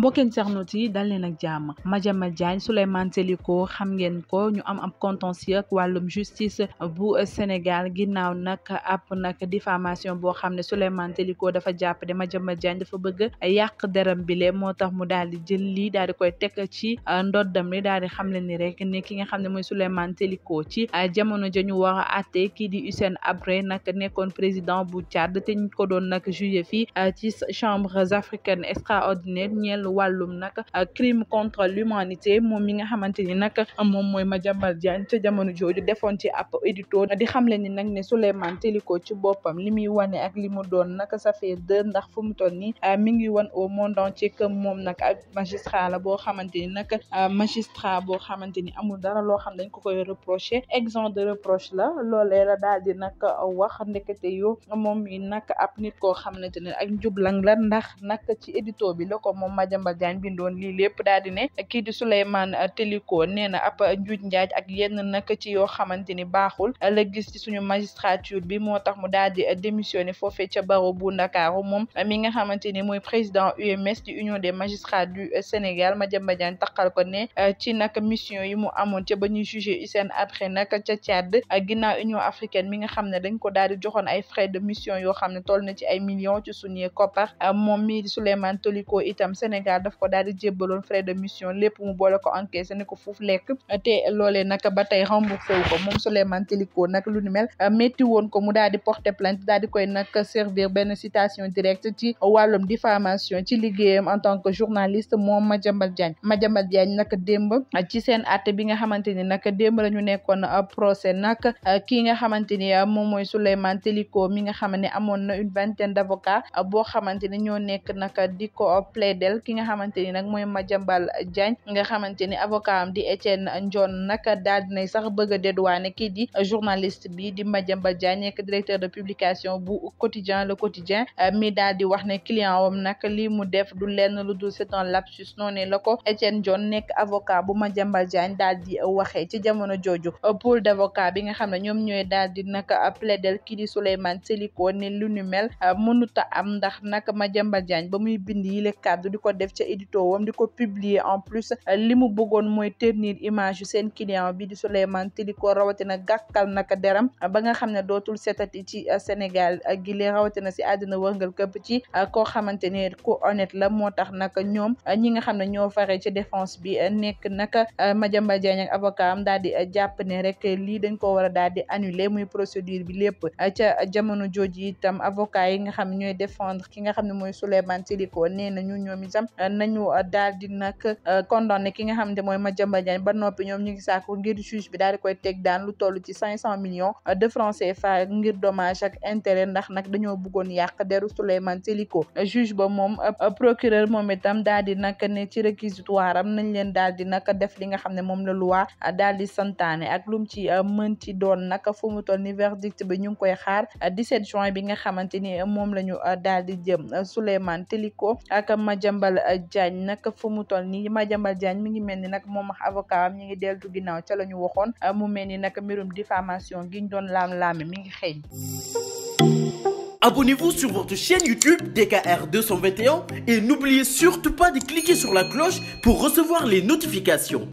mbokki internautes yi dal leen ak jàmm Madiama Diagne Souleymane Teliko xam ngeen ko ñu am ab contentieux ak wàllum justice bu Sénégal ginnaaw nag ab nag diffamation boo xam ne Souleymane Teliko dafa jàpp ne Madiama Diagne dafa bëgg yàq deram bile moo tax mu daal di jël lii daal di koy teg ci euh, ndoddam li daal di xam leen ni rek ne ki nga xam ne mooy Souleymane Teliko ci euh, jamono ja ñu war a àtte kii di Hissène Habré nag nekkoon président bu Tchad te ñu ko doon nag juillet euh, ci chambres wàllum nag euh, crime contre l'humanité moom mi nga xamante ni nag moom mooy Madiambal Diagne ca jamono jooju defoon ci ab édito di le ni nag ne Souleymane Teliko ci boppam li muy wane ak li mu doon nag ça fait deux ndax fu mu toll nii euh, mi ngi wan au monde entier moom nag ak magistrat la boo xamante ni nag euh, magistrat boo xamante ni amul dara loo xam dañ ko koy reproché exempt de reproche la loolee la daal di nag wax ndekete yo moom mi nag ab nit koo xamante ne ak njublang la ndax Demba Diagne bindoon lii lépp daal di ne kii di Souleymane Téliko nee na ab njuuj njaaj ak yenn ci yoo xamante ni baaxul la gis ci suñu magistrature bi moo tax mu daal di démissionné foofee ca barreau bu Ndakaaru moom mi nga xamante ni mooy président UMS de Union des magistrats du Sénégal Madiambal Diagne taqal ko ne euh, ci nag mission yi mu amoon ca ba ñuy jugé Hissène Habré nag ca Tchad ginnaaw Union africaine mi nga xam ne dañ ko daal di joxoon ay frais de mission yoo xam ne tol na ci ay millions ci suñuy koppar euh, moom Sénégal daf ko daal di jébbaloon frais de mission lépp mu boole ko ni ko foofu lekk te loolee nag ba tey remboursé ko moom Souleymane Téliko nag lu ni mel woon ko mu daal di porter plainte daal di koy nag servir benn citation directe ci wàllum diffamation ci liggéeyam en tant que journaliste moom Madiambal Diagne Madiambal Diagne nag ci seen àtte bi nga xamante ni nag démb la ñu a procès nag kii nga xamante ni moom mooy Souleymane Téliko mi nga xam ne amoon na une vingtaine d'avocats boo xamante nga xamante ni nag mooy Madiambal Diagne nga xamante ni avocat am di Etienne Ndion nag daal dinay sax bëgg a dédouaner kii di journaliste bi di Madiambal Diagne nekk directeur de publication bu quotidien le quotidien euh, mi daal di wax ne client wam nag li mu def du lenn lu dul c'est un lapsus noonu la ko Etienne nekk avocat bu Madiambal Diagne daal di waxee ci jamono jooju euh, pool d'avocat bi nga xam ne ñoom ñooy daal di nag euh, plaidel kii di Souleymane Teliko ne lu nu mel mënuta am def ca édito wam di ko publier en plus li mu bëggoon mooy ternir image yu seen client bi di Souleymane Téliko rawatina gàkkal naka deram ba nga xam ne dootul setati ci euh, Sénégal euh, gi lee rawatina si àddina wërngal këpp ci euh, koo xamante ne ku honnête la moo tax naka ñoom ñi nga xam ne ñoo fare ci défense bi nekk naka Madiamba Diagne ak avocat am daal di jàpp ne rek lii dañ ko war a daal di annuler muy procédure bi lépp ca jamono jooju itam avocat yi nga xam ñooy défendre ki nga xam ne mooy Souleymane Téliko nee nañu ñoom nañu euh, daal di nag euh, condamné ki nga xam ne mooy Madiambal Diagne ba noppi ñoom ñu ngi sàkku ngir juge bi daal di koy teg daan lu toll ci cinq cent millions euh, de francs ngir dommage ak intérêt ndax nag dañoo bëggoon yàq deru Souleymane Teliko juge ba moom procureur moom itam daal di nag ne ci réquisitoire am nañ leen daal di nag def li nga xam ne moom la loi daal di santaane ak lum ci mën ci doon nag fu mu toll ni verdict bi ñu ngi koy xaar 17 juin bi nga xamante ni moom la ñu daal di jëm Souleymane Teliko ak Diagne nag fu mu toll ma Madiambal Diagne mi ngi mel ni nag moom avocat am ñi ngi deltu ginnaaw ca la ñu waxoon ah, mu mel ni nag mbirum diffamation giñ doon laam-laame mi ngi xëeñ Abonnez-vous sur votre chaîne YouTube DKR et n'oubliez surtout pas de cliquer sur la cloche pour recevoir les notifications